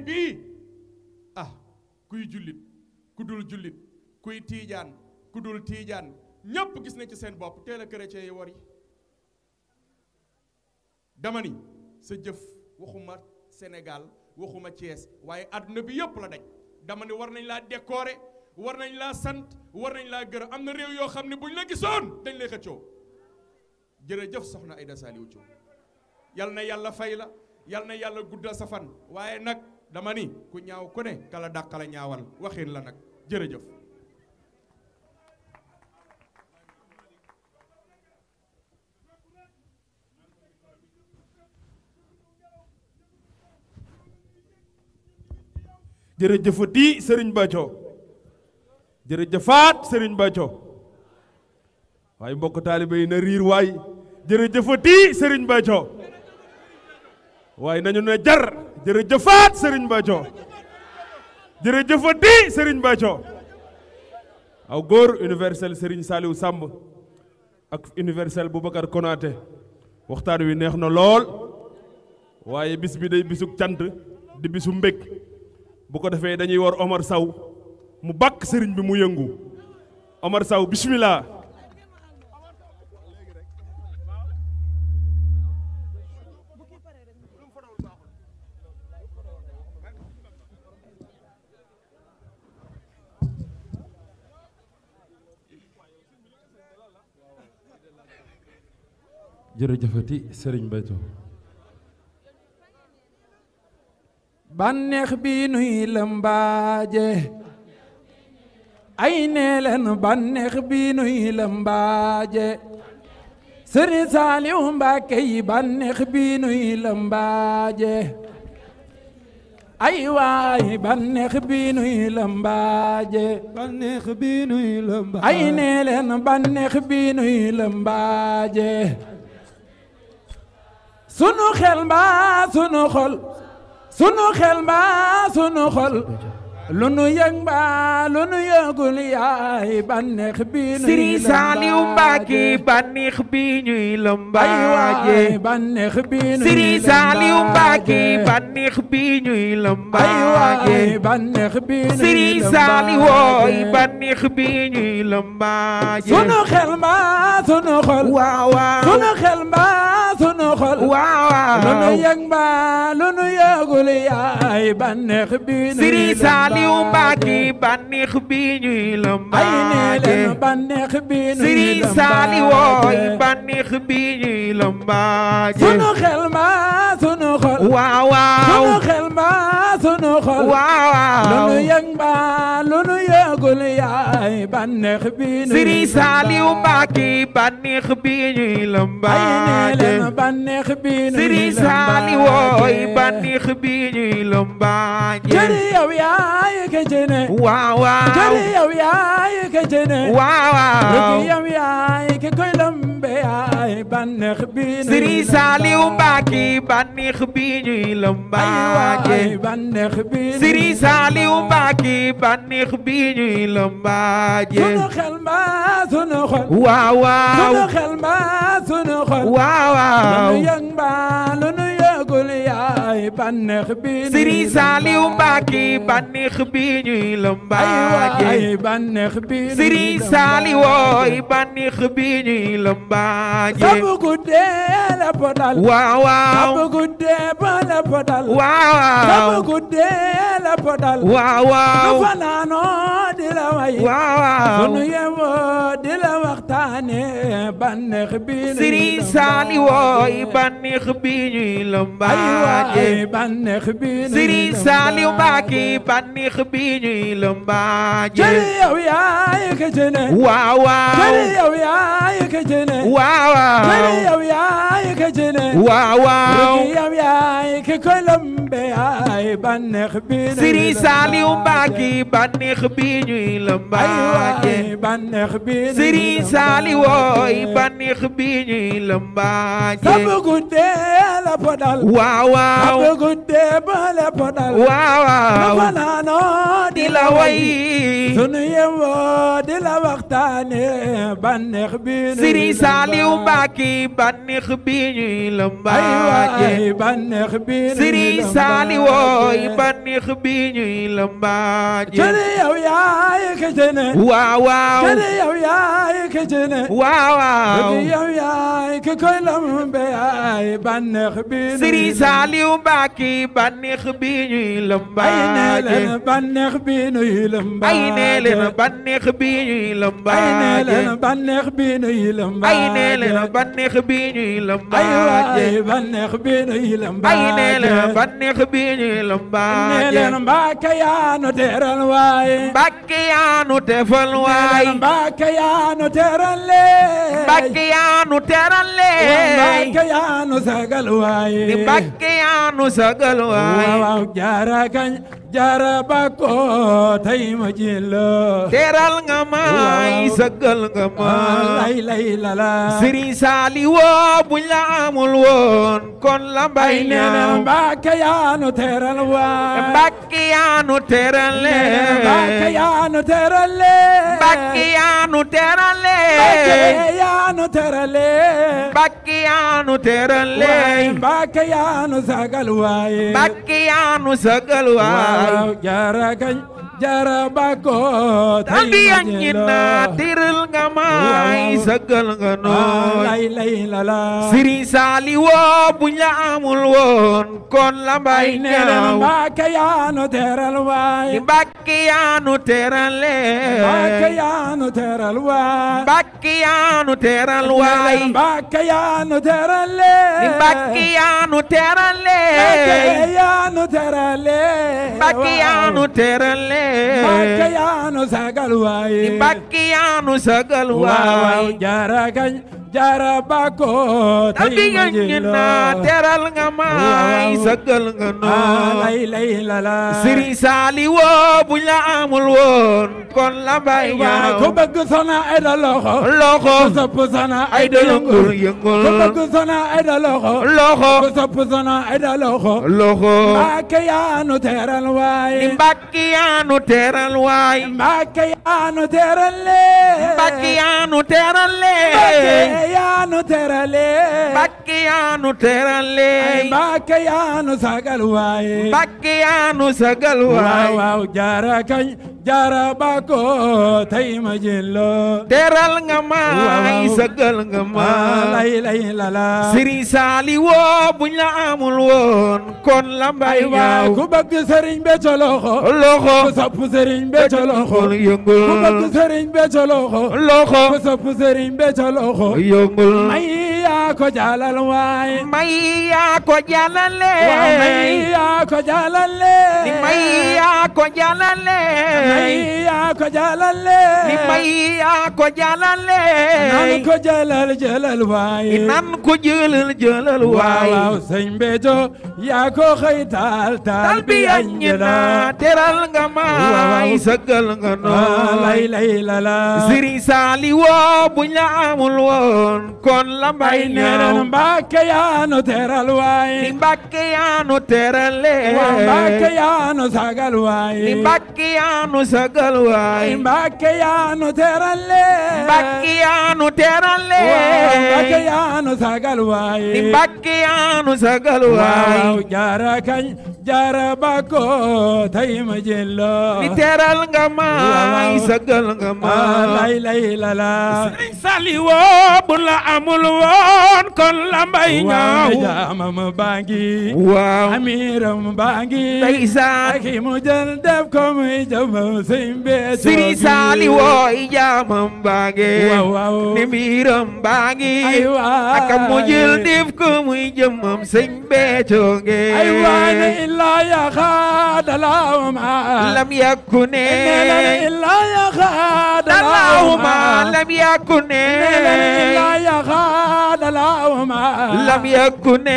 julli bii ah kuy jullit ku dul jullit kuy tiijaan ku dul tiijaan ñépp gis nañ ci seen bopp teel a chrétien yi war yi dama ni sa jëf waxuma Sénégal waxuma Thiès waaye àdduna bi yépp la daj dama ni war nañ laa décorer war nañ laa sant war nañ laa gërëm am na réew yoo xam ne buñ la gisoon dañ lay xëccoo jërëjëf soxna Aïda Saliou Thioune yal na yàlla fay la yal na yàlla guddal sa waaye nag dama ni ku ñaaw ku ne kala dàqala ñaawal waxin la nag jërëjëf jërëjëfati Serigne Bacco jërëjëfaat Serigne Bacco waaye bokk taalibe yi na riir waay jërëjëfati Serigne Bacco waaye nañu ne jar jërëjëfaat Serigne Bacco jërëjëfati Serigne Bacco aw góor universel Serigne Saliou Samb ak universel Boubacar Konaté waxtaan wi neex na lool waaye bis bi day bisu cant di bisu mbég bu ko defee dañuy war Omar Saw mu bakk sëriñ bi mu yëngu Omar Saw bismillah jërëjëfati sëriñ Béthio bànneex bi nuy lëmbaaje ay nee leen bànneex nuy lëmbaaje sëriñ Saaliw Mbàkke yi bànneex bi nuy lëmbaaje ay waay bànneex bi nuy nuy lëmbaaje ay nee leen bànneex nuy lëmbaaje sunu xel mbaa sunu xol sunu xel mbaa sunu xol lu nu yëg mbaa lu nu yëgul yaay bànneex bi ñuy lëmbaaje Sëriñ Saaliw Mbàkke bànneex bi ñuy lëmbaaje bànneex bi ñuy lëmbaaje Sëriñ Saaliw Mbàkke bànneex bi ñuy lëmbaaje bànneex bi ñuy lëmbaaje Sëriñ Saaliw wooy bànneex bi ñuy lëmbaaje sunu xel mbaa sunu xol waaw waaw sunu xel mbaa sunu xol waaw waaw lu nu yëg mbaa lu nu yëgul yaay bànneex bi ñuy lëmbaaje diw Mbàkke bànneex bi ñuy lëmbaaje Sëriñ Saali wooy bànneex bi ñuy lëmbaaje sunu xel ma sunu xol waaw waaw sunu xel ma sunu xol waaw waaw lu nu yëg ba lu nu yëgul yaay bànneex bi ñuy Sëriñ Saali Mbàkke bànneex bi ñuy lëmbaaje Sëriñ Saali wooy bànneex bi ñuy lëmbaaje yow yaay yaay ka jene waaw waaw jali yow yaay ka jene waaw waaw léegi yow yaay ki koy lëmbe yaay bànneex bi Serigne Saliou Mbacké bànneex bi ñuy lëmbaake bànneex bi Serigne Saliou Mbacké bànneex bi ñuy lëmbaake sunu xel ma sunu xol waaw waaw sunu xel ma sunu xol waaw waaw lu nu yëng ba lu nu yëgul ay bànneex bi Sëriñ Saaliw Mbàkke bànneex bi ñuy lëmbaaje ay bànneex bi Sëriñ Saaliw ay bànneex bi ñuy lëmbaaje sabu guddee la podal waaw waaw sabu guddee ba la podal waaw waaw sabu guddee la podal waaw waaw nu fanaanoo di la way waaw waaw nu yemoo di la waxtaane bànneex bi Sëriñ Saaliw ay bànneex bi ñuy lëmbaaje lëmbaaje bànneex bi Sëriñ Saaliw Mbàkke bànneex bi ñuy lëmbaaje yow yaay ka jëne waaw waaw yow yaay ka jëne waaw waaw yow yaay ka jëne waaw waaw yow yaay ka ko lëmbe yaay bànneex bi Sëriñ Saaliw Mbàkke bànneex bi ñuy lëmbaaje bànneex bi Sëriñ Saaliw bànneex bi ñuy lëmbaaje sa bëggu dee la podal waaw waaw ab gunte bala podal waaw waaw fanaanoo di la way sunu yemoo di la waxtaane banneex bi Sëriñ Saaliw Mbàkke banneex bi ñuy lëmbaaje banneex bi Sëriñ Saaliw wooy banneex bi ñuy lëmbaaje cëri yow yaay këcëne waaw waaw cëri yow yaay këcëne waaw waaw yow yaay këkoy lëmbe yaay banneex bi Sëriñ Aliou Mbacké bànneex bi ñuy lëmbaaje ay ne leen bànneex bi ñuy lëmbaaje ay ne leen bànneex bi ñuy lëmbaaje ay ne leen bànneex bi ñuy lëmbaaje ay ne leen bànneex bi ñuy lëmbaaje ay bànneex bi ñuy lëmbaaje ay ne leen bànneex bi ñuy lëmbaaje ay ne leen Mbacké yaa nu teral waaye Mbacké yaa nu tefal waaye Mbacké yaa nu teral lee Mbacké yaa nu teral lee Mbacké yaa nu sagal waaye yaa nu sagal waay waaw jaara kañ jaaraba ko teral nga may sagal nga ma. Ah, lay lay lala. Serigne Saliou la amul woon kon la mbay ñaaw. Mbàkke teral waay. Mbàkke yaa teral lee. Mbàkke yaa teral lee. Mbàkke yaa teral lee. Mbàkke yaa nu teral waay. Mbàkke yaa nu sagal waay. Njaay jaara kañ jaara bako tan di ñina tiral nga may sagal nga nooy ah, lay Saali woo buñ la amul woon kon la mbay ñaaw Mbàkke yaanu teral waay Mbàkke yaanu teral le teral waay Mbàkke yaa nu teral waay Mbàkke yaa nu teral lee jaara bako tey ma jëloo teral nga may sagal nga ah, noon lay lay lala sëriñ saali woo buñ la amul woon kon la bay ñaaw ku bëgg sona ay da loxo loxo ku sopp sona ay da yëngul yëngul ku bëgg sona ay da loxo loxo ku sopp sona ay da loxo loxo mbàkke yaanu teral waay mbàkke yaanu teral waay mbàkke yaanu teral lee mbàkke yaanu teral lee yaanu terale Mbakke sagal waaye Mbakke yaanu sagal waaye jaaraba ko tay ma jëlloo teral nga ma sagal nga ma lay lala sëriñ saali woo buñ la amul woon kon la mbay ku bëgg sëriñ be ca loxo ku sopp sëriñ be ca loxo ku bëgg sëriñ be ca loxo ku sopp sëriñ be ca loxo yëngul may yaa ko jàllal waaye. may yaa ko jàllale. waaw may yaa ko jàllale. ni may yaa ko jàllale. may yaa ko jàllale. ni may yaa ko jàllale. nan ko jàllal jàllal waaye. nan ko jàllal jàllal waaye. waaw sëñ Béthio yaa ko xëy taal taal bi añ na teral nga maay sagal nga noo lay lay la la. Sëriñ Saali woo buñ la amul woon kon la waay nee na Mbàkke yaa nu teral waay ni Mbàkke yaa nu teral lee waa Mbàkke yaa nu sagal waay ni Mbàkke yaa nu sagal waay Mbàkke yaa nu teral lee Mbàkke yaa nu teral lee waa Mbàkke yaa nu sagal waay ni Mbàkke yaa nu sagal waay jaara kañ jaara bako woo i jaamam baa ngi. waaw waaw. إلا يخاد اللهم لم يكن إلا يخاد اللهم لم يكن إلا يخاد اللهم لم يكن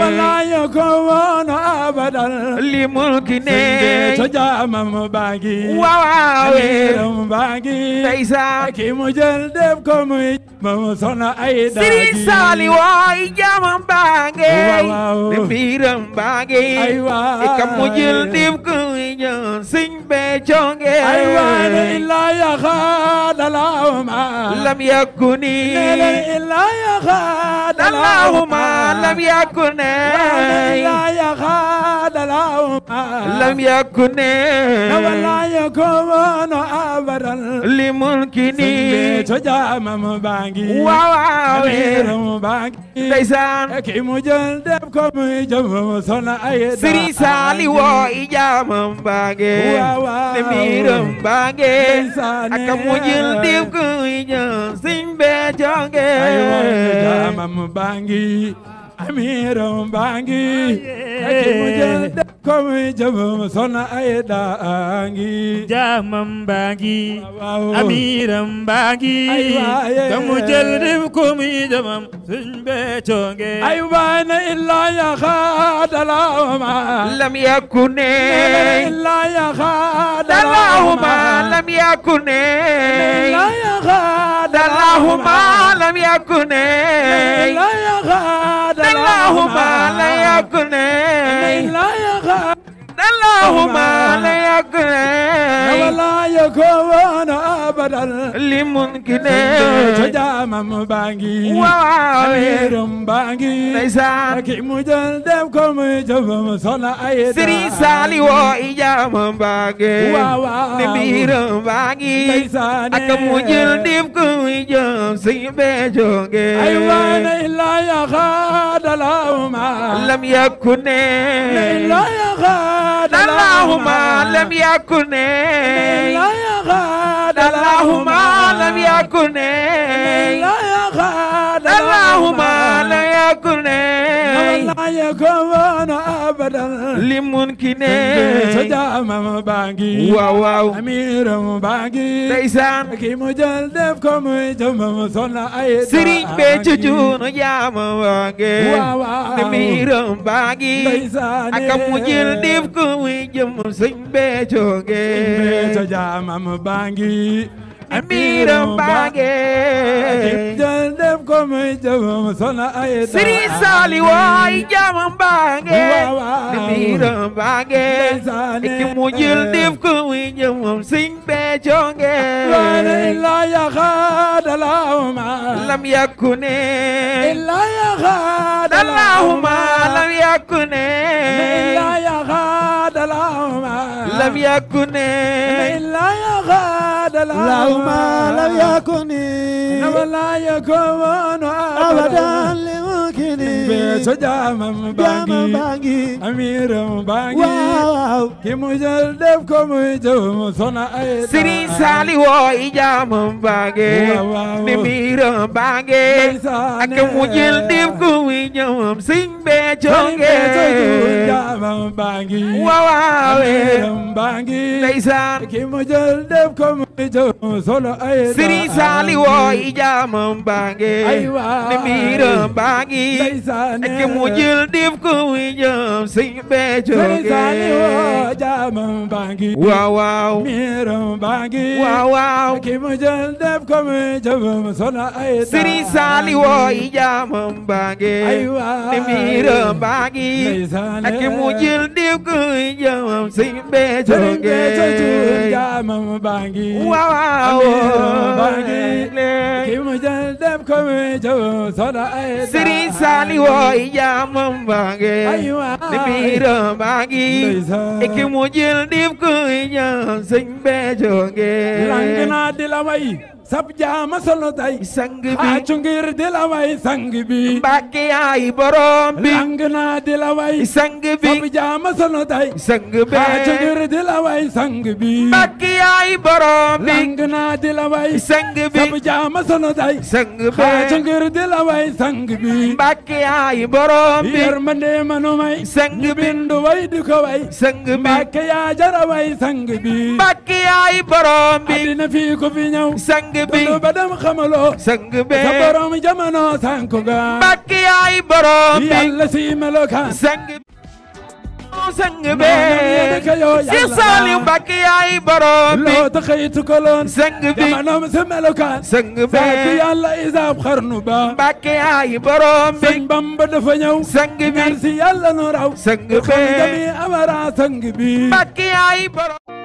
ولا يكون أبدا لملكنا تجامم باقي وعاوي باقي ليسا كي مجلدكم مصنع أيضا سرين سالي واي جامم باقي لمبيرم باقي ay waay i ka mu jël dim ku ñaan sëñ bee conge ay waay la illaa yaxaadalawma lam yakuni la illaa yaxaad اللهم لم يكن لا يخاد اللهم لم يكن ولا يكون أبدا لملكني تجام مبانجي واو أمير مبانجي ليسان كي مجندبكم يجمع صنع أيضا سري سالي وإجام مبانجي واو أمير مبانجي أكا مجندبكم يجمع be jonge ayo mu bangi amiiram baangi kaki mu jël def ko muy jëmam sona ay daangi jaamam baangi amiiram baangi ka mu jël def ko muy jëmam suñ beeconge ay waana illa ya xaadalaahuma lam yakune illa ya xaadalaahuma lam yakune illa ya xaadalaahuma lam yakune يغاد اللهم لا يكن لا يغاد اللهم لا يكن ولا يكون ابدا لممكن تجام بانجي وعامر بانجي ليس كي مجلدكم جب صنع ايدا سري سالي وايام بانجي نبير بانجي ليس اكم مجلدكم جب سيبي جوجي ايوان الا يا خاد اللهم لم يكن الا يا يغاد اللهم لم يكن لا يغاد اللهم لم يكن لا يغاد اللهم لا يكن لا يكون ابدا لممكن سجام مباغي واو واو امير مباغي ديسان كي مجل دفكم جم صنع اي سرين بيجون يا مباغي واو واو امير مباغي ديسان اكم مجل دفكم جم سين بيجوغي سجام مباغي amiram bange jël def ko muy jëmam sona ay da Serigne Sali waay jamam bange amiram bange ki mu jël def ko muy jëmam Serigne Béthio nge la ilaha غاد لهما لم يكن إلا يا غاد لهما لم يكن إلا يا غاد لهما لم يكن إلا يا غاد لهما لم يكن ولا يكون أبدا لممكن بسجام باقي أمير باقي كي مجلدف كم جوم ثنائي سري سالي وإجام باقي ni miiram baange ak mu jël def ko wi ñëwam siñ bee jonge waawaawe ndeysaan ki mu jël def ko Sëriñ Saali woo i jaamam baa ngi ni mbiram baa ngi ak mu jël def ko muy jaam sëñ Béthio Sëriñ Saali woo jaamam baa ngi waaw waaw mbiram baa ngi waaw waaw ak mu jël def ko muy jaam sona ay Sëriñ Saali woo i jaamam baa ngi ni mbiram baa ngi ak mu jël def ko muy jaam sëñ Béthio Sëriñ Béthio jaamam baa ngi Sëriñ Saaliw ay jaamam baange di biiram baangi ekki mu jël dib ko ñaan sëñ be jonge lang sab jaama solo day sang bi xaacu ngir di la way sang bi mbàkke yaay borom bi lang naa di la way sang bi sab jaama solo day sang bi xaacu ngir di la way sang bi mbàkke yaay borom bi lang naa di la way sang bi sab jaama solo day sang bi xaacu ngir di la way sang bi mbàkke yaay borom bi yërmande manu may sang bi bindu way di ko way sang bi mbàkke yaa jara way sang bi mbàkke yaay borom bi dina fi ko fi ñëw sang bi ba dem xamaloo sang be sa borom jamono sànk nga mbàkk yaay borom bi yàlla si melokaan sang sang si Saliou Mbacké yaay borom bi loo si melokaan sang be yàlla isaab ba Mbacké yaay borom bi sëñ Bamba dafa ñëw sang bi si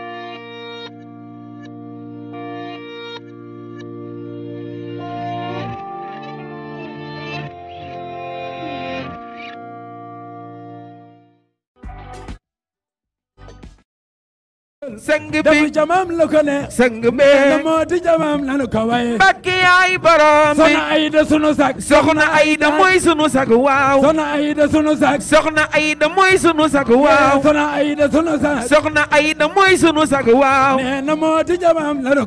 sang bi dafa jamaam la ko ne sang be da jamaam lanu ko waye bakki ay borom sunu sak waaw soxna Ayda sunu sak soxna sunu sak waaw soxna Ayda sunu sak soxna sunu sak waaw ne namooti jamaam lanu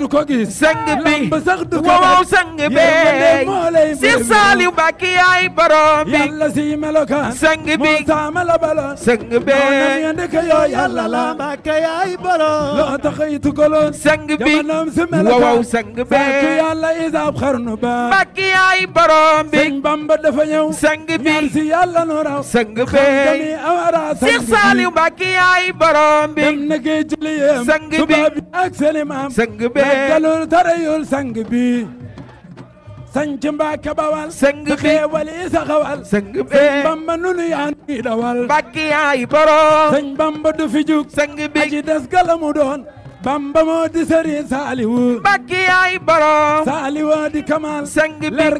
du ko gis sang bi waaw sang be si Saliou bakki ay borom bi yàlla si sang bi moo yande ka yoo yàlla bi waaw sang be bi Bamba dafa ñëw sang bi ñaan si nu raw sang be xamkani awara Cheikh Saliou Mbàkke yaay borom bi dem na géej jëliyem sang bi tubaab yi ak seen i maam sang be galul tarayul sang bi sanc Mbàkke Bawal. sëng bi xéewal yi saxawal. sëng Bamba nunu yaa ngi dawal. Mbàkke Bamba du fi jug. sëng bi des galamu doon. Bamba moo di sëriñ Saaliwu. Mbàkke yaay borom. di kamal. sëng bi leer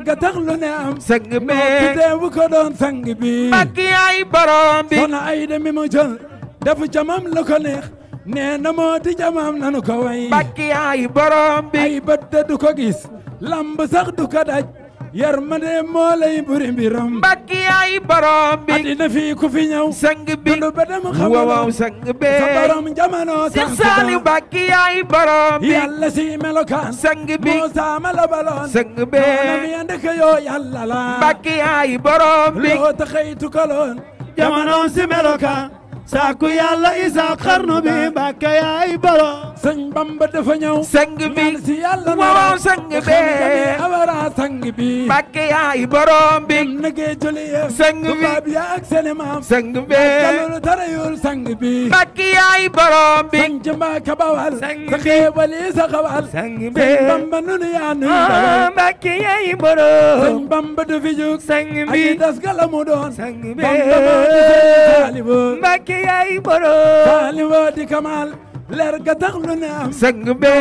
ne am. sëng bee moo tuddee wu ko doon sëng mi mu jël. def jamam lu ko neex. nee na moo ti jamaam nanu ko way bakki bi ay bët du ko gis lamb sax du ko daj yërmande moo lay buri mbiram bakki ay borom bi adina fii ku fi ñëw sang bi lu ba dem sang bi sa borom jamono sang bi moo saama la yoo yàlla la bakki bi loo taxaytu kaloon jamono si melokaan saaku yàlla isa xarnu bi mbàkke yaay boro sëñ bamba dafa ñëw sang bi si yàlla waaw sang be awara sang bi mbàkke yaay borom bi nagee joli sang bi baab yaa ak seeni maam sang be kalolu dara yul sang bi mbàkke yaay borom bi sang jëmbaaka bawal sa xeewal isa xawal sang be sëñ bamba nunu yaa nuyu bawal ah, mbàkke yaay borom sëñ bamba du fi jóg sang bi ay das gala mu doon sang be bamba maa di sëñ taalibu mbàkke yaay borom taaliba di kamal leer ga tax lu ne am sang be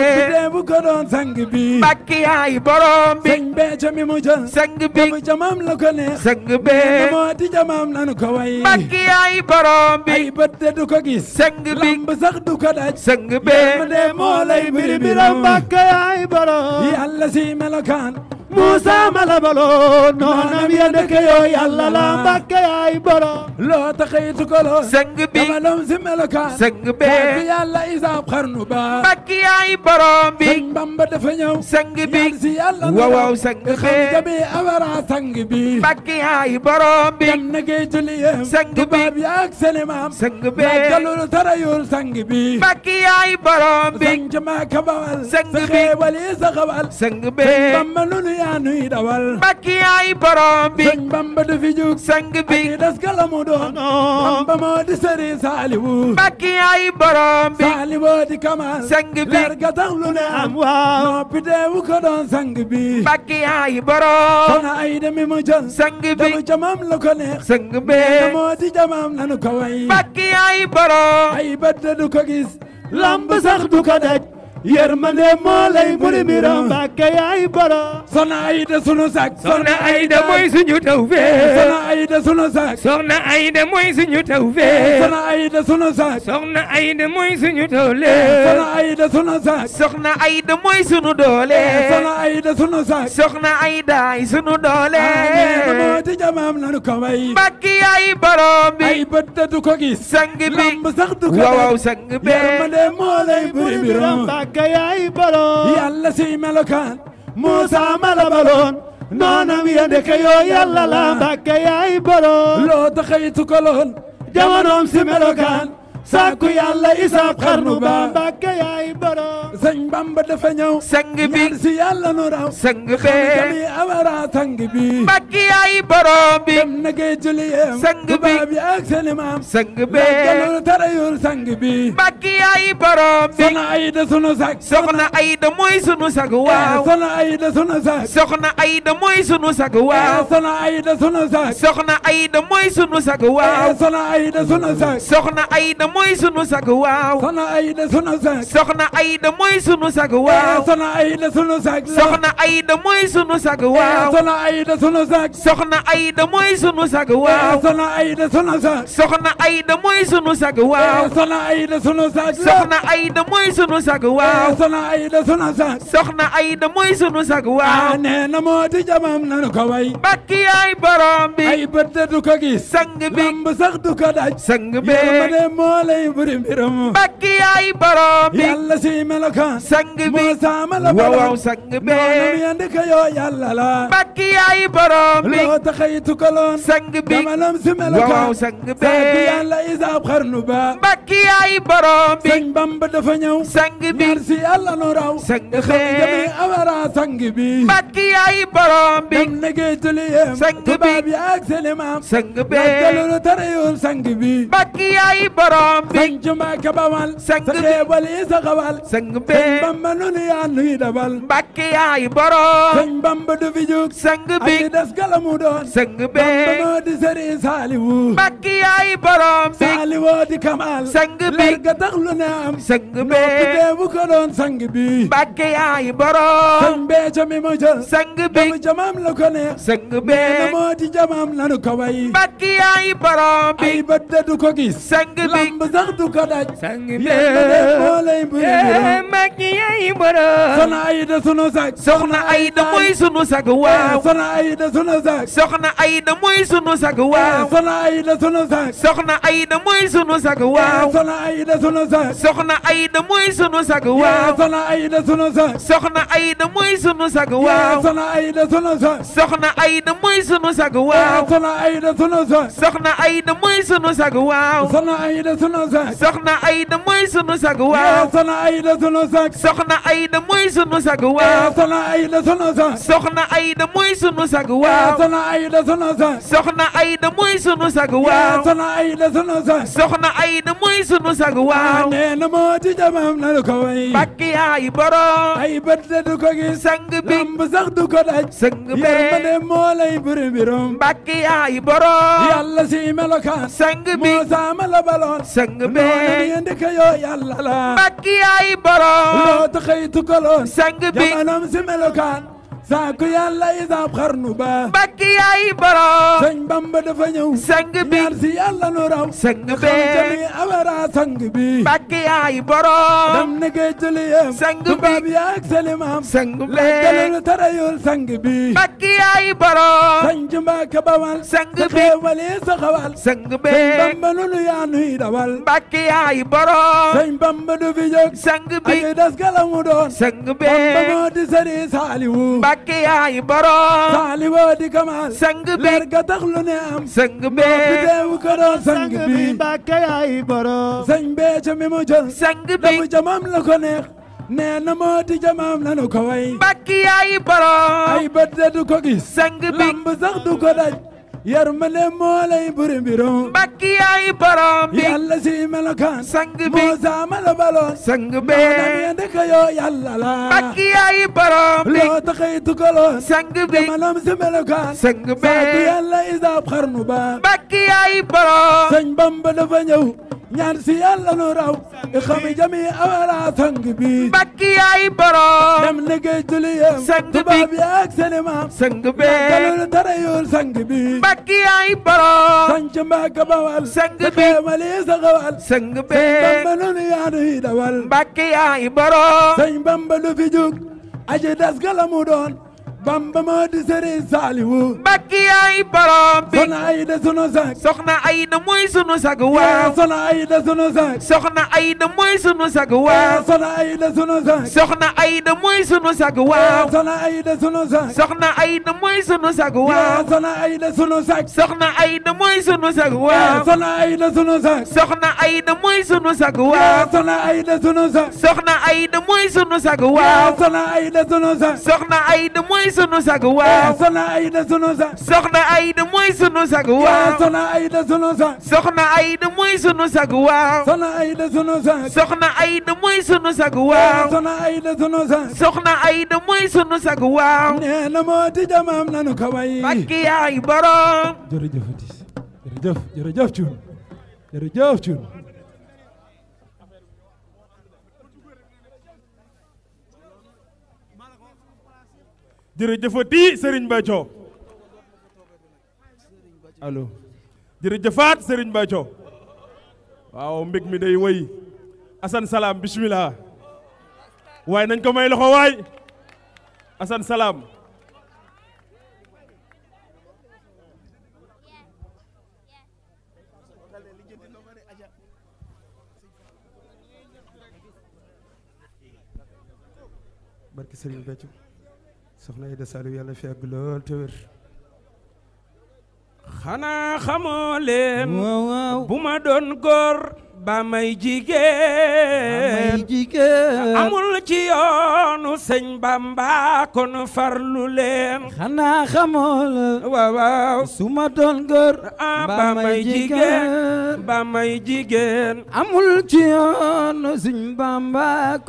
bu ko doon sang bi bakki yaay borom bi sang be ca mi mu jël sang bi mu jamaam la ko ne sang be moo di jamaam nanu ko way bakki yaay borom bi ay bët de du ko gis sang bi lamb sax du ko daj sang be ma de moo lay biri biram bakki yaay borom yàlla si melokaan Moussa Malabaloo noonam ya dëkk yoo yàlla la mbàkke yaay loo taxayitu ko loo. sëng bi dama doon si melokaan. sëng bi. sëng bamba dafa yaak selimaam. sëng bee la jalul tara yul sëng yaa nuy bakki yaay borom bamba du fi jug sang bi ak mu doon bamba moo di sëriñ saaliwu bakki yaay borom bi di kamal sang bi lu ne am waaw noppi teewu ko doon sang bakki yaay borom soxna ay demi mu jël sang bi damu jamaam ko neex bakki yaay borom ay bët du ko gis lamb sax ko daj yërmande moo lay buri mbiram Mbàkke yaay borom soxna Ayda sunu sak soxna Ayda mooy suñu tawfeex soxna Ayda sunu sak soxna Ayda mooy suñu tawfeex soxna Ayda sunu sak soxna Ayda mooy suñu doole soxna Ayda sunu sak soxna Ayda mooy suñu doole soxna Ayda sunu sak soxna Ayda ay sunu doole amiin moo ti jamaam nanu ko way Mbàkke yaay borom bi ay bët du ko gis sang bi lamb sax du ko waaw sang bi yërmande moo lay buri mbiram ak yaay baloon yàlla Muusa mala baloon noonam ya ndeke yoo yàlla la ak yaay baloon loo taxay tukaloon sàkku yàlla isaab xarnu ba mbàkke yaay borom sëñ bamba dafa ñëw sang bi si yàlla nu raw sang bee awara sang bi mbàkke yaay borom bi dem na gee juliyem sang bi bi ak seen imaam sang bee ganul tarayul sang bi mbàkke yaay borom bi soxna ayda sunu sag soxna ayda mooy sunu sag eh, waaw soxna ayda sunu sag soxna ayda mooy sunu sag eh, waaw soxna ayda sunu sag soxna ayda mooy sunu sag eh, waaw soxna ayda sunu sag soxna ayda mooy sunu sag waaw. soxna Ayda sunu sag. soxna Ayda mooy sunu sag waaw. soxna Ayda sunu sag. soxna Ayda mooy sunu sag waaw. soxna Ayda sunu sag. soxna Ayda mooy sunu sag waaw. soxna Ayda sunu sag. soxna Ayda mooy sunu sag waaw. soxna Ayda sunu sag. soxna Ayda mooy sunu sag waaw. soxna Ayda sunu sag. soxna Ayda mooy sunu sag waaw. nee na moo di jamam nanu ko way. bakki yaay borom bi. ay bët du ko gis. sang bi lamb sax du ko daj. sang bi. yàlla yi buri mbiram bakk yaay borom bi yàlla si melokaan sang bi moo saama la borom waaw sang bi noonam yandi ka yoo yàlla la bakk yaay borom bi loo taxay tukaloon sang bi jamanam si melokaan waaw sang bi saak yàlla isaab xarnu ba bakk yaay borom bi sang bamba dafa ñëw sang bi ñaar si yàlla nu raw sang bi xam jami awara sang bi bakk yaay borom bi dem na géej tuliyem sang bi tubaab yi ak seen imaam sang bi lu tare yoon sang bi bakk yaay borom borom bi sang jumaa ka bawal sang bi xeebal yi sa xawal sang bi sëñ bamba nunu yaa nuy dabal mbàkke yaay borom sëñ bamba du fi jóg sang bi ak des galamu doon sang bi bamba moo di sëriñ saaliwu mbàkke yaay borom bi saaliwoo di kamal sang bi leer ga tax lu ne am sang bi noo bu ko doon sang bi mbàkke yaay borom sang bi ca mi mu jël sang bi damu jamaam la ko neex sang bi na moo di jamaam lanu ko way mbàkke yaay borom bi ay bët du ko gis sang bi lamb sax du ko daj sang bi moo lay mbëri mag ñi yay borom soxna Ayda sunu sag soxna Ayda mooy sunu sag waaw soxna Ayda sunu sag soxna Ayda mooy sunu sag waaw soxna Ayda sunu sag soxna Ayda mooy sunu sag waaw soxna Ayda sunu sag soxna Ayda mooy sunu sag waaw soxna Ayda sunu sag soxna Ayda mooy sunu sag waaw soxna Ayda sunu sag soxna Ayda mooy sunu sag waaw soxna Ayda sunu sag soxna Ayda mooy sunu sag waaw soxna Ayda sunu sag soxna Ayda mooy sunu sag waaw eh, soxna Ayda sunu sag soxna Ayda mooy sunu sag waaw eh, soxna Ayda sunu sag soxna Ayda mooy sunu sag waaw eh, soxna Ayda sunu sag soxna Ayda mooy sunu sag waaw soxna Ayda sunu sag soxna Ayda mooy sunu sag waaw ah, nee na moo ci jamaam na lu ko way bakki ay borom ay bët du ko gis sang bi lamb sax du ko daj bi yërmande moo lay bëri mbirom bakki ay borom yàlla si bi sang be ndeke yoo yàlla la. mbakki ay borom. loo taxay tukaloo. sang bi jamonoom si melokaan. saaku yàlla isaab xarnu ba bakki yaay borom sëñ bamba dafa ñëw sang bi ñaar si yàlla nu raw sang bi jëli awara sang bi bakki yaay borom dam ne gay jëli yem sang bi tubaab yaak selimaam sang bi la jëlul tarayul sang bi bakki yaay borom sëñ jumbaaka bawal sang bi xeewali sa xawal sang bi sëñ bamba nu nu yaa nuy dawal bakki yaay borom sëñ bamba du fi jóg sang bi ak das galamu doon sang bi bamba moo di sëri saaliwu rakk yaay borom saali woo sang beeg ga tax lu ne am sang ko doon sang bi mbàkke yaay borom sang bee ca mi mu jël sang la ko neex nee na moo di jamaam lanu ko way mbàkke yaay borom ay ko gis sang ko daj yërmande moo lay buri mbiram mbàkk yaay borom si melokaan sang moo saama baloon sang be ndeka yoo yàlla la mbàkk yaay borom bi loo tukaloon sang bi malam si melokaan sang be saatu yàlla isaab xarnu ba mbàkk yaay borom sëñ bamba dafa ñaan si yàlla nu raw i xami jami awala sang bi bakki yaay borom dem liggéey juliyam sang bi tubaab yaak seen sang bi galul bawal sang bi xeemali xawal sang bi nu yaanu yi dawal bakki yaay borom sëñ bamba fi jug aji das gala doon bamba ma di sëriñ saaliwu mbàkki yaay borom bi soxna ayda sunu sag soxna ayda mooy sunu sag waaw soxna ayda sunu sag soxna ayda mooy sunu sag waaw soxna ayda sunu sag soxna ayda mooy sunu sag waaw soxna ayda sunu sag soxna ayda mooy sunu sag waaw soxna ayda sunu sag soxna ayda mooy sunu sag waaw soxna ayda sunu sag soxna ayda mooy sunu sag waaw soxna ayda sunu sag soxna ayda mooy sunu sag waaw soxna ayda sunu sag soxna ayda mooy mooy sunu sag waaw. Eh, soxna Aida sunu sag. soxna Aida mooy sunu sag waaw. Eh, soxna Aida sunu sag. soxna Aida mooy sunu sag waaw. soxna Aida sunu sag. soxna Aida mooy sunu eh, soxna Aida sunu sag. soxna Aida mooy sunu sag waaw. nee na moo jamaam nanu ko way. bakki yaay borom. jërëjëf Atis jërëjëf jërëjëf Thioune jërëjëf Thioune. jërëjëfati Serigne Bethio allo jërëjëfaat Serigne Bethio waaw mbég mi day woy Assane Salam bismillah waaye nañ ko may loxo waay Assane Salam soxna Aida Saliou yàlla fi yàgg lool te wér xanaa xamoo leen bu ma doon ba may jigéen amul ci yoonu sëñ Bamba kon farlu leen xanaa xamool waaw waaw su doon góor ah, ba may jigéen ba may jigéen amul ci yoonu sëñ Bamba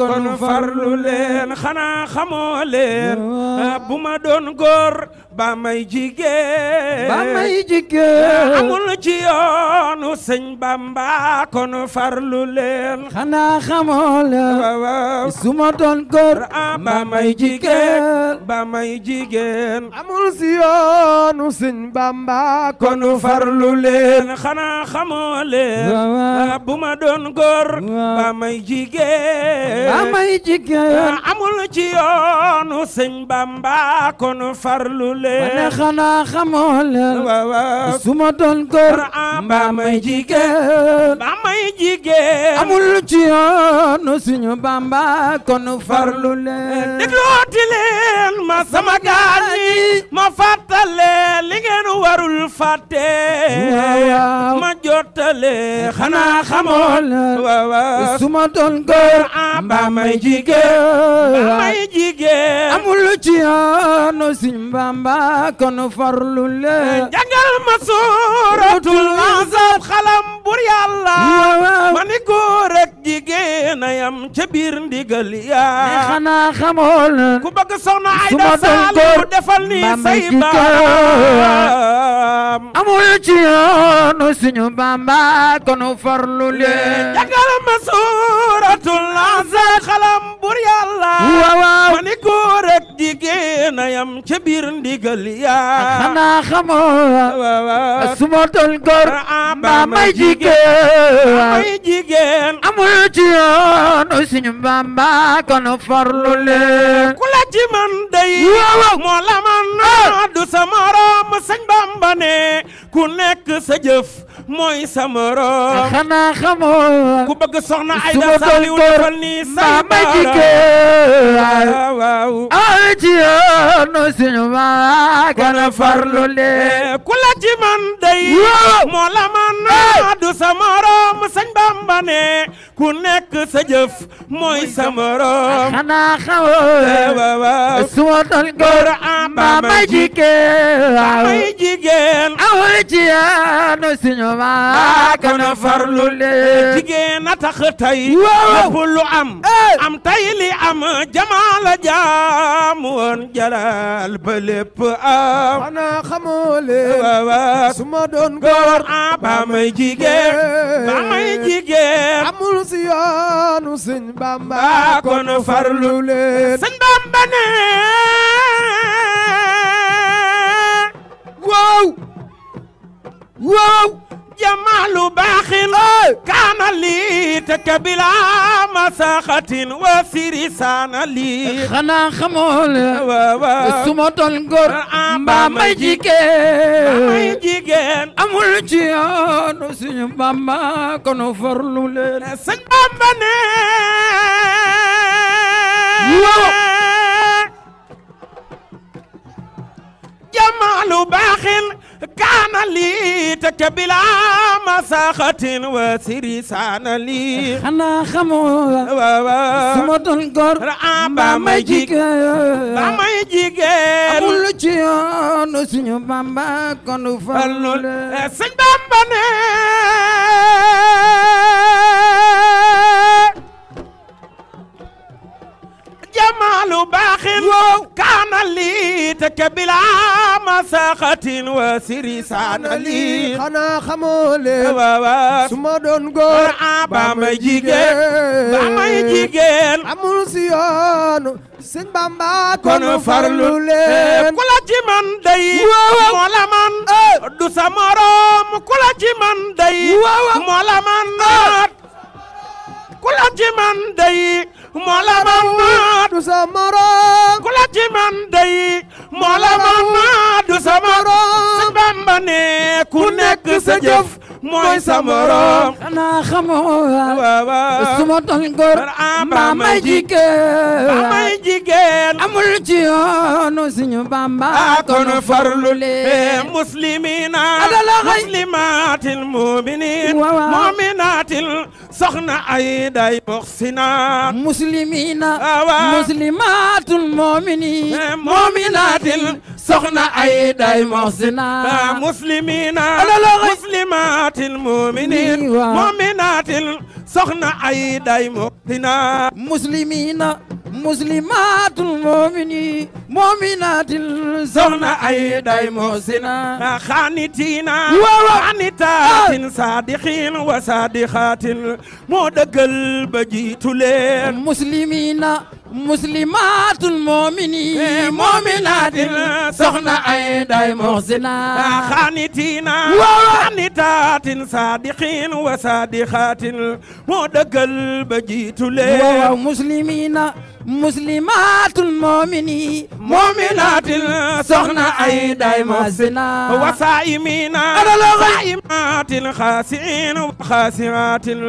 leen xanaa xamoo leen ah, bu doon góor ba may jigéen ba may jigéen amul ci yoonu sëñ Bamba kon farlu leen xanaa xamoo la su ma doon góor ah, ba may jigéen ba may jigéen amul ci yoonu sëñ Bamba kon farlu leen xanaa xamoo leen ah, bu ma doon góor ba may jigéen ba may jigéen ah, amul ci yoonu sëñ Bamba kon farlu leen ma ne xanaa xamoo leen su ma doon góor mbaa may jigéen mbaa may jigéen amul ci yoonu suñu bamba kon farlu leen déglooti leen ma sama gaal yi ma fàttale li ngeen warul fàtte ma jottale xanaa xamoo leen su ma doon góor mbaa may jigéen mbaa may jigéen amul ci yoonu suñu bamba Tuuba kon farlu leen jàngal ma suuratul azab xalam bur yàlla ma ni ko rek jigéen a yam ca ndigal yaa amul ci yoonu suñu Bamba konu farlu leen jagal ma suuratul azab xalam bur yàlla waawaaw ma ni góor ak jigéen a yam ca biir ndigal yaa xanaa xamoon su ma doon góor ci yoonu suñu Bamba kon farlu leen ku la ci man day moo la man ah! du sa morom sëñ Bamba ne ku nekk sa ku la ci man day moo la man ah! du sa morom sëñ Bamba ne ku nekk sa jëf mooy sa morom ah, xanaa xawoo eh, eh, suma doon góor ma may jigéen may ah, jigéen awul ci yaanu suñu maa gën a farlu leen eh, jigéen a tax tey lépp lu am am tey li am jamaal a jaam woon ba lépp am xanaa xamoo leen suma doon góor ma may jigéen ma may jigéen farlu si yoonu sëñ Bamba kon farlu leen sëñ Bamba ne waaw waaw jamaalu baaxin kaana lii te kabila masaxatin wa saana lii xanaa xamool suma doon góor ah, ah, mbaa may jigéen amul ci yoonu suñu bamba kono farlu leen sëñ bamba ne jamalu baaxin kaana lii te kabila masaxatin wa saana lii. xanaa xamoo. waaw waaw su ma doon ci yoonu suñu bamba kon du falu. Eh, sëñ bamba lu baaxin kaana leen ba ku la ci day moo la man eh. ku la ci day moo la man du sa morom ku la ci man day moo la man du sa morom si Bamba ku nekk sa jëf mooy sa morom xanaa xamoo suma doon góor maa may jigéen maa may jigéen amul ci yoonu suñu Bamba ah, kon farlu leen e muslimina muslimatil muminin muminatil soxna ay day muxsina muslimina muslimatul muminin eh, muminatil soxna ay day muhsina ah, muslimina muslimatil muminin muminatil soxna ay day muhsina muslimina muslimatul mumini muminatil soxna ay day muhsina ah, xaanitina xaanitatin ah. saadiqin wa saadiqatin moo dëggal ba jiitu leen muslimina مسلمات المؤمنين مؤمنات سخنا أيداي محسنا خانتين وخانتات صادقين وصادقات مودقل بجيت لي مسلمين muslimatul mu'mini mu'minatin soxna ay day masina wasaimina alaimatil khasiin wa khasiatin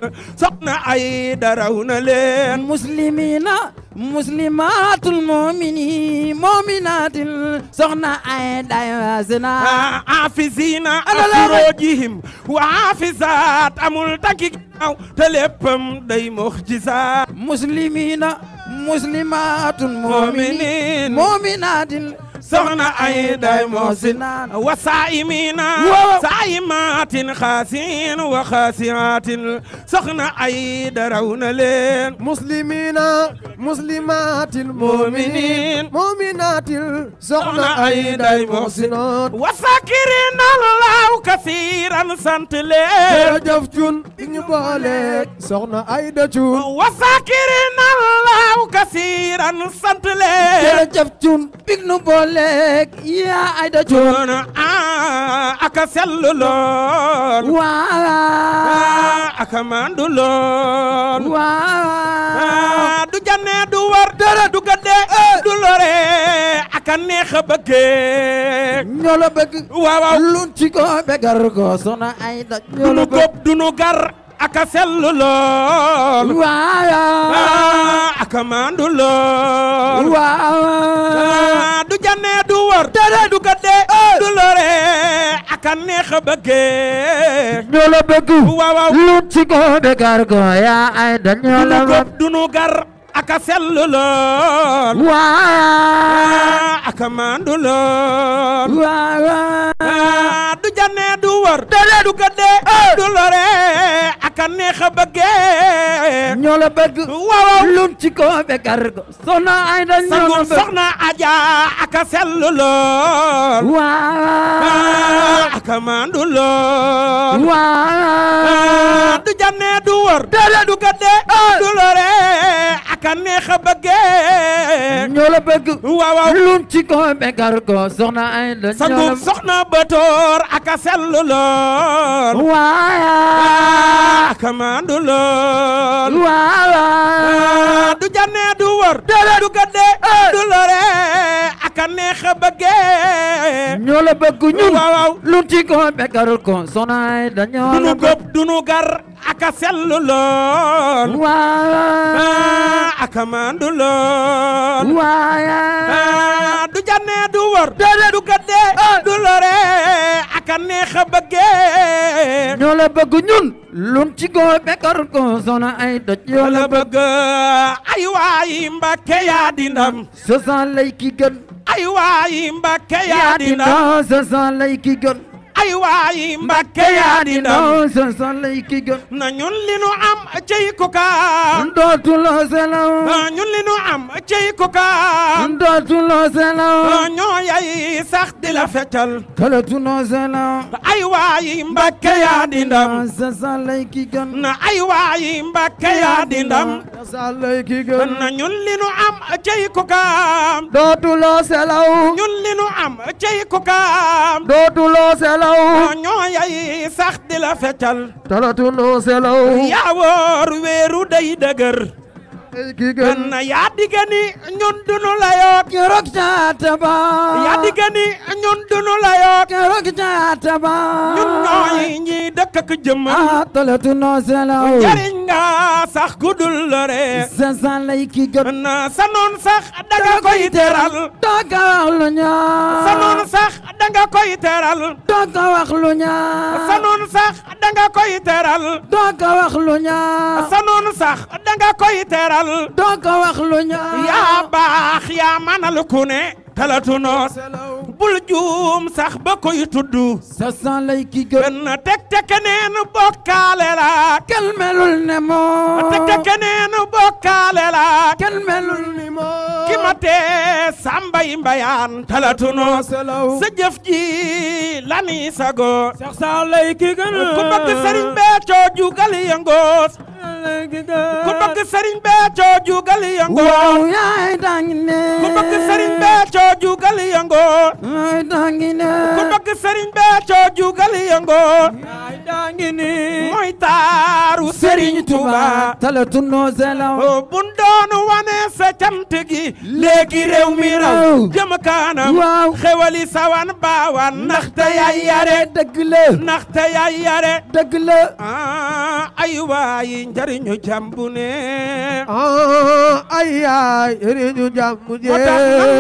soxna ay darawna leen muslimina muslimatul mu'mini mu'minatin soxna ay day masina afizina alafurujihim wa afizat amul takki aw te léppam day muxjisaat muslimina muslimatun mu'minin mu'minatin soxna ay day moosin wa saayimina saayimatin xaasin wa xaasiratin soxna ay daraw na leen muslimina muslimatin muminin muminatin soxna ay day moosin wa sakirina law kasiran sant leen jërëjëf cun ñu boole soxna ay da cun wa sakirina law kasiran sant leen jërëjëf cun big nu léeg yaa ay da cuun aka sellu lool waaw aka mandu lool waaw du janne du war dara du gadde du lore aka neexa bëgge ñolo bëgg waaw lun ci ko begar ko sona ay da dunu gob dunu gar aka sellu lool waaw aka mandu lool waaw du war tere du ko dee du lore ak a neex a bëggee ñoo la bëgg waaw ci góode gar go yaa ay dañoo la bëgg du nu gar aka sellu lool waa aka maandu lool waa ah, du janee du war tere du ko dee du lore ka soxna Ayda ñoo la soxna Aja aka sell lool. Ah, aka maandu lool. waaw. Ah, du janne du wër. déedéet du gëddee. Ah, du lore aka neex bëggee. ñoo la bëgg. waaw lum ci ko be gargo. soxna Ayda ñoo la soxna Batoor aka sell lool. kama du lool waaw du janne du wor du gëdde eh. du lore aka neex a bëggee ñoo la bëgg ñun waaw lu ti ko begarul ko sonaay la bëgg du nu gar aka sellu lool waaye aka maandu lool waaye ah, du janne du wor déedéet du gëdde ah. du lore aka neex a bëggee ñoo la bëgg ñun lun ci góor ay doj ñoo la bëgg ay waayi Mbàkke yaa di sa sa lay ki gën ay waayi Mbàkke yaa di sa sa lay ki gën ay waayi Mbàkke yaa di ndam sa salay ki gën na ñun li nu am cey ku ka dootuloo selaw ñun li nu am cey ku ka dootuloo selaw ñoo yay sax di la feccal dootuloo selaw ay waayi Mbàkke yaa di ndam sa salay ki gën na ay waayi Mbàkke yaa di ndam sa salay ki gën na ñun li nu am cey ku ka dootuloo selaw ñun li nu am cey ku ka dootuloo selaw selaw ñoo la feccal talatu noo selaw yaa woor weeru day dëgër gën na yaa diggani ñun dunu la yoo keroog ca taba yaa diggani ñun dunu la yoo keroog ca taba ñun ñooy ñi dëkk ak jëm ah talatu noo selaw jariñ nga sax ku dul lore sa san lay ki gëm na sa noon sax danga koy teral danga wax lu ñaaw sa noon sax danga koy teral danga wax lu ñaaw sa noon sax danga koy teral danga wax lu ñaaw sa noon sax danga koy teral teral doo ko yaa baax yaa manal ku ne talatu bul juum sax ba koy tudd sa san lay ki gën benn teg te keneen bokkaale la kenn melul ne la kenn melul ne moo ki ma tee sambay mbayaan talatu noo ji lani sago sax san lay ki gën ku bëgg sëriñ bee coo jugal yëngoos ku bëgg Serigne Béthio jugal yango waaw yaay dangine ku bëgg Serigne Béthio yaa ngi nii mooy taaru Serigne Touba oh, bun doonu wane cant gi léegi réew mi raw jëm kanam waaw sawan baawan ndaxte yaay dëgg la ndaxte yaay dëgg la ah, ay waayi njariñu jàmbu ne ah, ay yaay njariñu jàmbu ne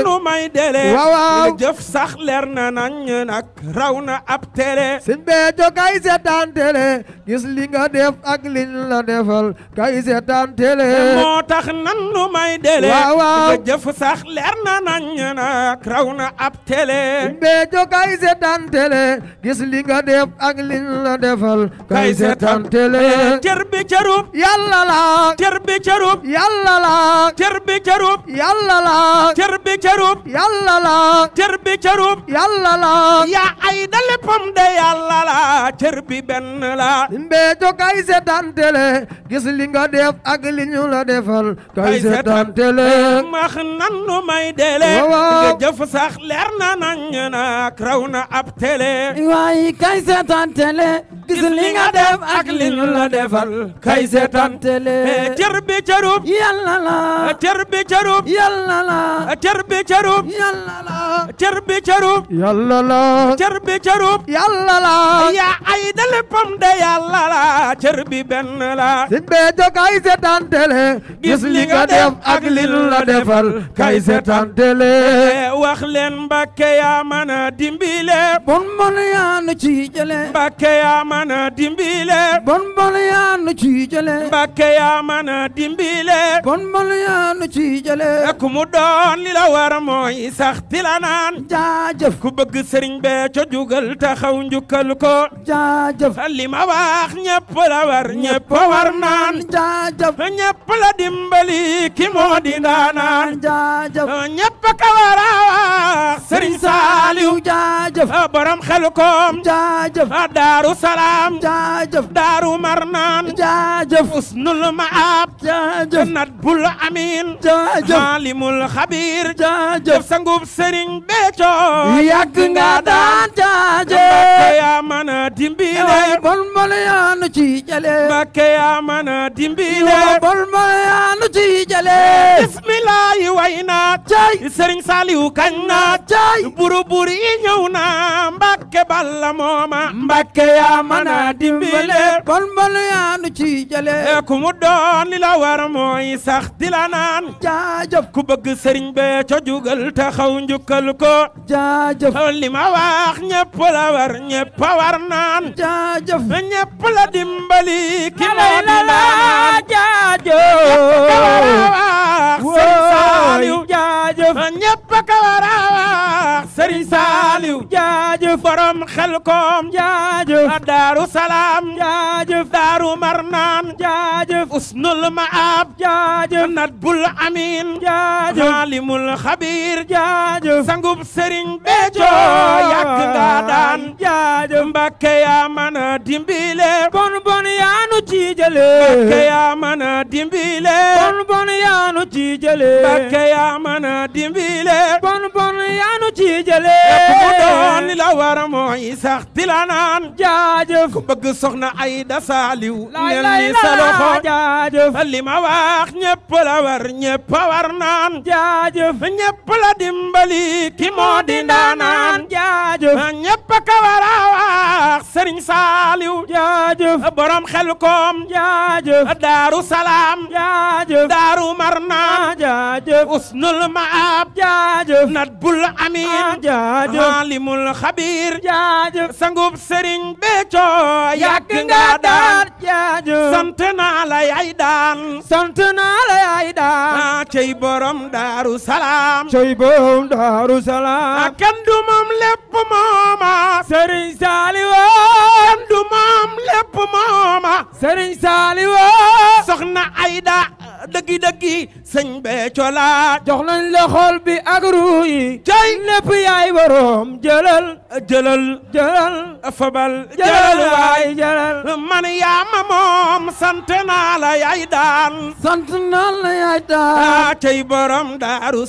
moo waaw jëf sax leer na nañ nak raw na ab tere sin bee jogay seetaan seetaan télé gis li nga def ak liñ la defal kay seetaan télé moo tax nan nu may délé waaw waaw jëf sax leer na nañ na raw na ab télé mbeejo kay seetaan télé gis li nga def ak liñ la defal kay seetaan télé cër bi cërub yàlla la cër bi cërub yàlla la cër bi cërub yàlla la cër bi cërub yàlla la cër bi cërub yàlla la yaa ay da léppam de yàlla la cër bi gan la nin bee jo kay seetaan télé gis li nga def ak li ñu defal kay seetaan télé max nan may délé nga jëf sax leer na nañ na ab télé waay kay seetaan télé gis li nga def ak li ñu la defal kay seetaan télé eh, cër bi cërub yàlla la la cër bi cërub yàlla la la cër bi cërub yàlla la yaa ay da léppam de yàlla la cër bi benn la si bee jo kay seetaan gis li nga def ak li ñu defal kay seetaan télé wax leen Mbàkke yaa mën a dimbile bon bon yaa nu ci jële Mbàkke yaa mën a dimbile bon bon yaa nu ci jële a dimbile doon la war mooy sax naan jaajëf ku bëgg sëriñ bee co taxaw njukkal ko jaajëf li ma wax ñëpp la war ñëpp war naan jaajëf ñëpp la dimbali ki moo di ndaanaan jaajëf ñëpp ka war baax Serigne jaajëf ah, borom xel jaajëf ah, Daaru Salaam jaajëf Daaru Marnaan jaajëf Usnul Maab jaajëf Nat Amin jaajëf Alimul Xabir jaajëf sangub Serigne Béthio yàgg nga daan jaajëf yaa mën a dimbile bol bol yaa ci jële Mbakke yaa mën a dimbile kañ naa jaay buru buri i ñëw naa mbàkke balla mooma mbàkke yaa mën a dimbale kon balu yaa nu ci jële e ku mu doon la war mooy sax di naan ku bëgg sëriñ bee ca taxaw njukkal ko jaajëf li a dimbali ki moo di naan jaajëf ñëpp war a wax sëriñ Saaliw jaajëf warawa sëriñ saaliw jaajëf borom xel koom jaajëf daaru usnul maab jaajëf nadbul amin jaajëf maalimul xabiir jaajëf sangub sëriñ beejo yàgg nga daan jaajëf mbàkke yaa mën a dimbile bon bon yaanu ci a a dimbile bon bon jëlee la war mooy sax jaajëf ku bëgg soxna Ayda Saaliw nel ni sa loxo jaajëf li wax ñëpp war ñëpp war naan jaajëf ñëpp dimbali ki moo di jaajëf ñëpp ka wax Sëriñ Saaliw jaajëf borom xel jaajëf daaru salaam jaajëf daaru marnaan ah, jaajëf usnul maab jaajëf nat bul amin ah, jaajëf alimul xabiir jaajëf sangub sëriñ Béthio yàgg nga daan jaajëf sant naa la daan sant naa la daan ah borom daaru salaam borom daaru salaam du moom lépp moom lépp sëriñ Saliwa soxna Ayda dëggi dëggi sëñ bee colaa jox nañ bi ak yi cay lépp yaay boroom jëlal jëlal jëlal fabal jëlal man yaa moom sant la yaay daan sant la yaay daan cay borom daaru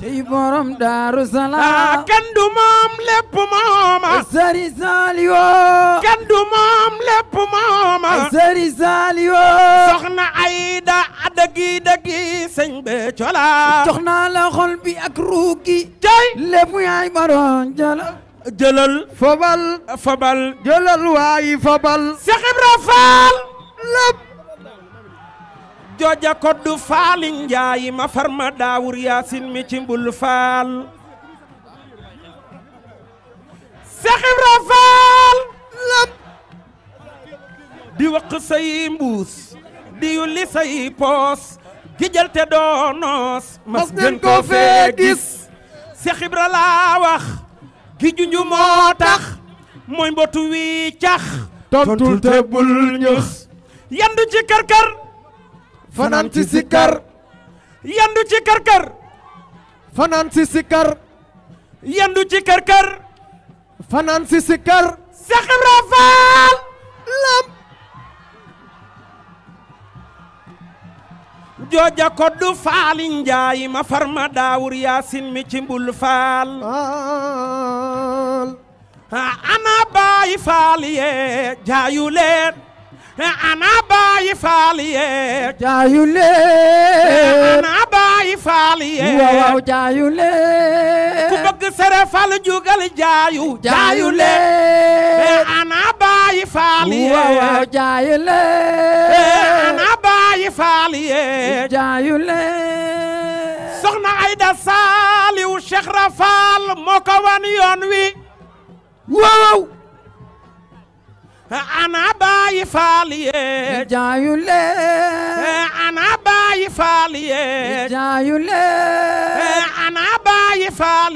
cay borom daaru salaam kenn du moom lépp mooma sëriñ Saliou moom lépp mooma sëriñ Saliou soxna Ayda dëggi dëggi sëñ be cola jox la xol bi ak ruugi cay lépp yaay baroon jala jëlal fobal fobal waayi fobal Cheikh Ibra Fall lépp jooja koddu faali njaayi ma farma daawur yaasin mi ci faal Cheikh Ibra Fall lépp di wax say mbuus di yulli say poos gijal doo noos mas ngeen ko fee gis Seex Ibra laa wax gi moo tax mooy mbotu wi cax tontul bul ñus yandu ci karkar fanaan ci sikar yandu ci karkar fanaan ci sikar yandu ci karkar fanaan ci sikar Seex Ibra Faal jooja ko du faalin njaay ma far daawur yaasin mi ci mbul faal ana baay faal yee jaayu leen ana baay faal yee jaayu leen ku bëgg sere faal jugal jaayu jaayu leen ana baay faal yee waaw jaayu leen faal yee jaayulee soxna Ayda Saaliw Rafaal moo ko wan wi waaw ana bàyyi faal yee jaayulee ana bàyyi faal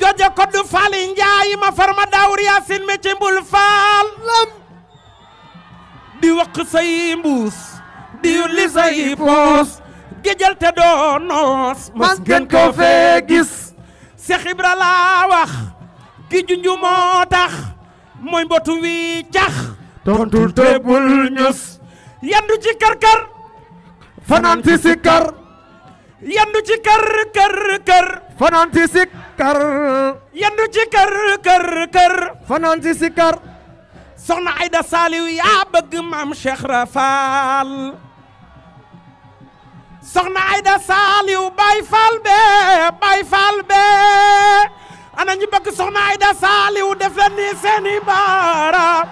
jojo koddu faal yi njaay ma daawur yaasin me ci mbul faal di wëq say mbuus di yulli say poos géjal te doo noos mas gën ko fee gis Seex laa wax ki junju moo tax mooy mbotu wi cax tontul te bul ñus yandu ci kër-kër fanaan sikkar yandu ci kër kër kër kar yendu ci kër kër kër fanaan si si kar soxna Ayda Saaliw yaa bëgg maam Cheikh Rafal soxna Ayda Saaliw bay faal bee bay faal bee ana ñu bëgg soxna Ayda Saaliw def seeni baaraam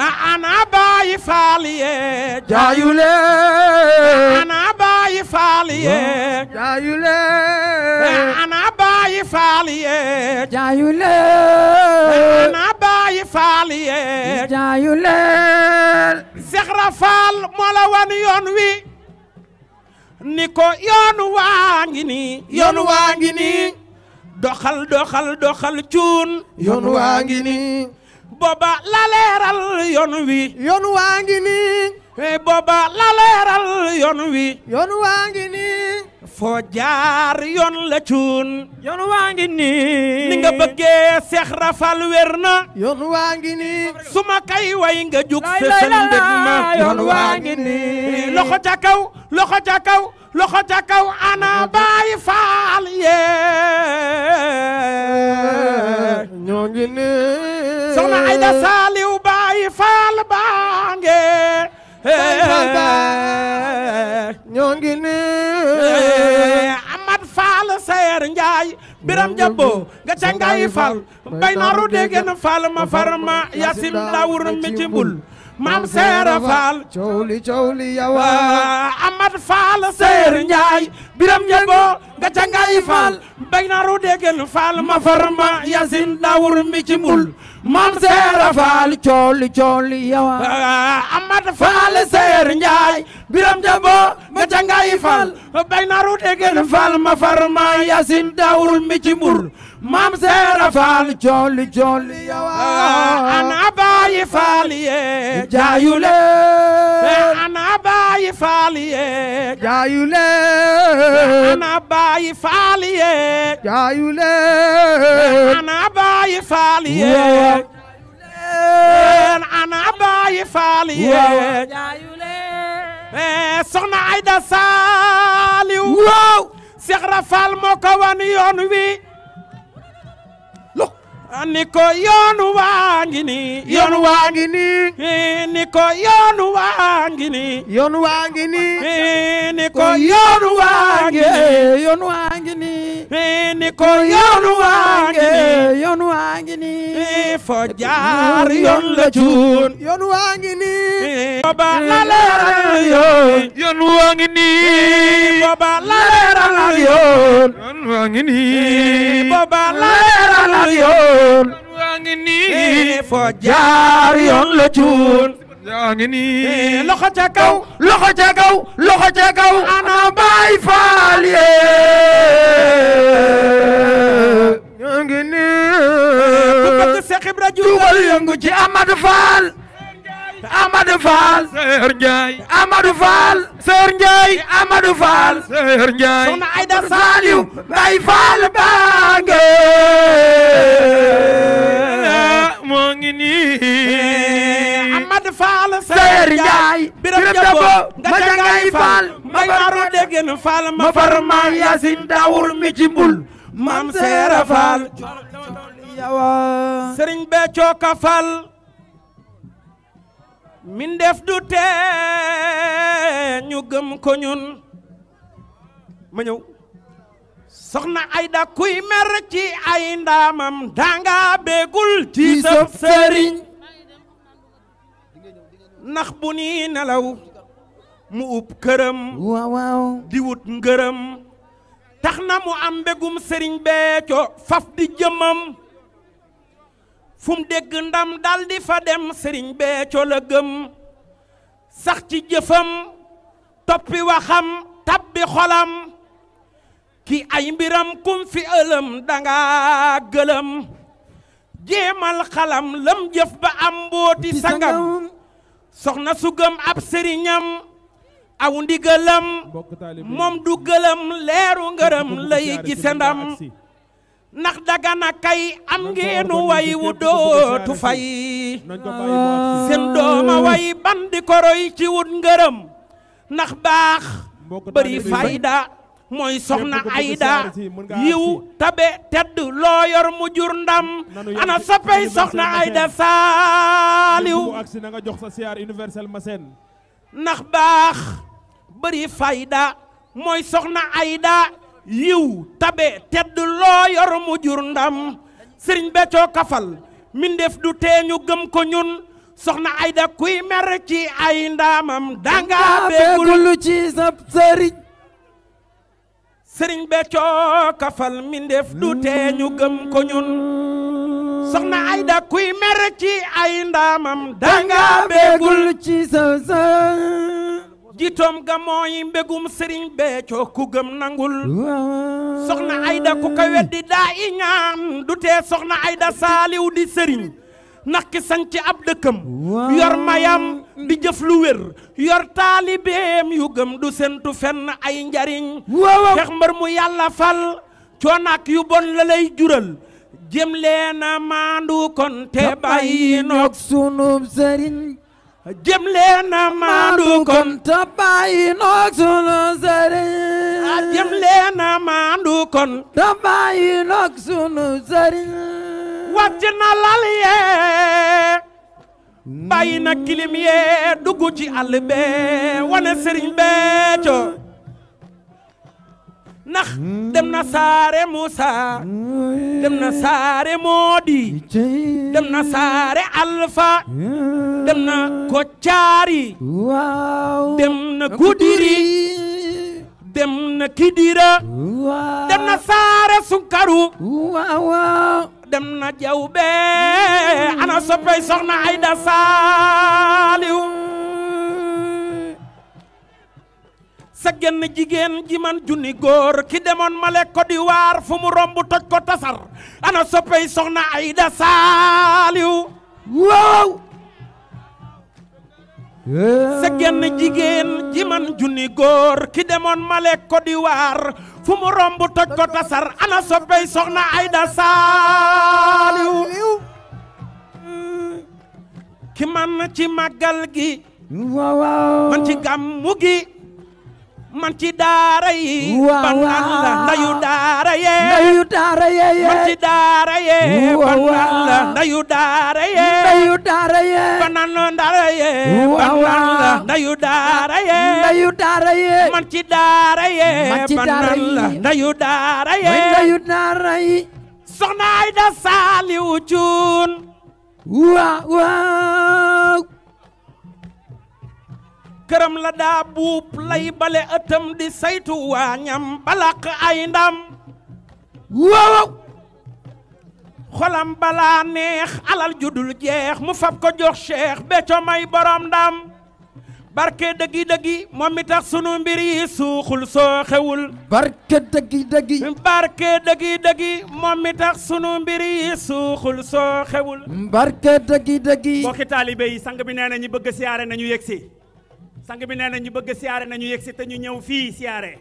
ana bàyyi faal yee jaayu leen ana bàyyi faal yee jaayu leen ana bàyyi faal yee jaayu leen ana faal yee jaayu leen yoon wi ni ko yoon waa ngi nii yoon waa ngi nii doxal doxal doxal cuun yoon waa ngi nii booba la leeral yoon wi yoon waa ngi nii eh, booba la leeral yoon wi yoon waa ngi nii foo jaar yoon la cuun yoon waa ngi nii ni nga bëggee seex rafal wér na su ma kay way nga jug fësal mbég ma yoon waa ngi nii loxo ca kaw loxo ca kaw loxo ca kaw ana baay faal yee ñoo ngi nii soxna Ayda Saaliw baay faal baa ngee ñoo ngi nii Amad Fall Sayer Njaay Biram Jabbo nga ca Ngaay Fall bay naru dégg na Fall ma far ma Yasin Dawur mi ci mbul maam seera faal cowli cowli yawa eh, amat faal seer njaay biram ñebo nga ca ngay faal bay naru dégel faal ma farma yasin dawur mi ci mbul maam seera faal cowli cowli yawa amat faal seer njaay biram ñebo nga ca ngay faal bay naru dégel faal ma farma yasin dawur mi ci mbul maam seera faal jolli jolli yawa ah, ana baayi faal yee jaayule ah, ana baayi faal yee jaayule ah, ana baayi faal yee jaayule ana baayi faal yee ana baayi faal yee jaayule eh, soxna Ayda Saaliw waaw Seex Rafal moo ko wan yoon wi ni waa ngi nii. yoonu waa ngi nii. ni waa ngi nii. nii eh, eh, eh, fo jaar loxo ca kaw loxo ca kaw loxo ca ana baay faal yee ku bëgg Seex Ibra jugal yëngu ci Amadou Fall Amadou Fall Sër Ndiaye Amadou Fall Sër Ndiaye Amadou Fall Sër Ndiaye soxna Aïda Saliou Baye Fall baange ah, moo ngi nii eh, Amadou ma far ma Yacine Dawour mi ci mbul mam Seera Fall sëriñ Béthio ka fal min def du tee gëm ko ñun ma ñëw soxna Ayda kuy mer ci ay ndaamam danga beegul ci sëb sëriñ ndax bu ni nelaw mu ub këram waaw waaw di wut ngërëm tax na mu am mbégum sëriñ Béthio faf di jëmam fu mu dégg ndam daldi fa dem sëriñ Béthio la gëm sax ci jëfam toppi waxam tabbi xolam ki ay mbiram kum fi ëlëm danga gëlëm jéemal xalam lam jëf ba am mbooti sangam soxna su gëm ab sëriñam aw ndigalam moom du gëlëm leeru ngërëm lay gise ndam ndax dagana kay am ngeenu way wu dootu fay seen dooma way bandi koroy ci wut ngërëm ndax baax bëri fayda mooy soxna Ayda yiw tabe tedd loo yor mu jur ndam ana sapay soxna Ayda saaliw ndax baax bëri fayda mooy soxna Ayda yiw tabe tedd loo yor mu jur ndam sëriñ Béthio kafal mbindeef du tee ñu gëm ko ñun soxna Ayda kuy mer ci ay ndaamam danga beegul ci sab sëriñ sëriñ Béthio kafal mbindeef du tee ñu gëm ko ñun soxna Ayda kuy mer ci ay ndaamam danga beegul ci sab jiitoom ga mooy mbégum sëriñ Béthio ku gëm nangul soxna Ayda ku ko weddi daa i du tee soxna Ayda saaliw di sëriñ ndax ki ci ab dëkkam yor mayam di jëf lu wér yor taalibeem yu gëm du sentu fenn ay njariñ fex mbër mu yàlla fal coonaak yu bon la lay jural jëm leena maandu kon te bàyyi noog sunub sëriñ jëm leen maandu kon te bàyyi sunu sëriñ a jëm leen maandu kon te bàyyi sunu sëriñ wàcc lal yee bàyyi kilim yee dugg ci àll bee wane sëriñ bee ndax dem na saare Moussa dem na saare Modi dem na saare dem na Kocaari dem na Goudiri dem na Kidira dem na saare Sunkaru dem na Jawbe ana soppey soxna Ayda Saaliw sa genn jigéen ji man junni góor ki demoon male ko di waar fu mu romb toj ko tasar ana soppey soxna Ayda Saaliw waaw sa jigéen ji man junni góor ki demoon male ko di waar fu mu romb toj ko tasar ana soppey soxna Ayda Saaliw ki man ci màggal gi waaw man ci gàmmu gi man ci daara yi. waaw ban naan daara yee. ndayu daara ci daara yee. ban naan la daara yee. ndayu daara yee. daara yee. ban naan la daara yee. man ci daara yee. man ci daara daara yee. ndayu daara yi. soxna Ayda Saliou Thioune. waaw këram la daa buub lay bale ëttam di saytu waa ñam balaq ay ndam waaw xolam balaa neex alal judul jeex mu fab ko jox cheikh becco may borom ndam barke dëggi dëggi moom mi tax sunu mbir yi suuxul soo xewul barke dëggi dëggi barke dëggi dëggi moom mi tax sunu mbir yi suuxul soo xewul barke dëggi dëggi mbokki taalibe yi sang bi nee na ñi bëgg siyaare nañu yegsi sang bi nee na ñu bëgg siyaare nañu yegsi te ñu ñëw fii siyaare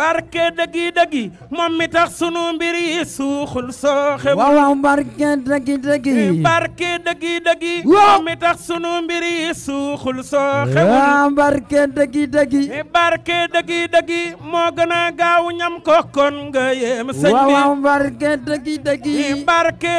barke dëggi dëggi moom mi sunu mbir yi suuxul sooxe. waaw barke dëggi dëggi. barke dëggi dëggi. moom mi tax sunu mbir yi suuxul sooxe. waaw barke dëggi dëggi. moo gën a gaaw ñam ko kon nga yem. sëñ bi waaw barke dëggi dëggi. Eh,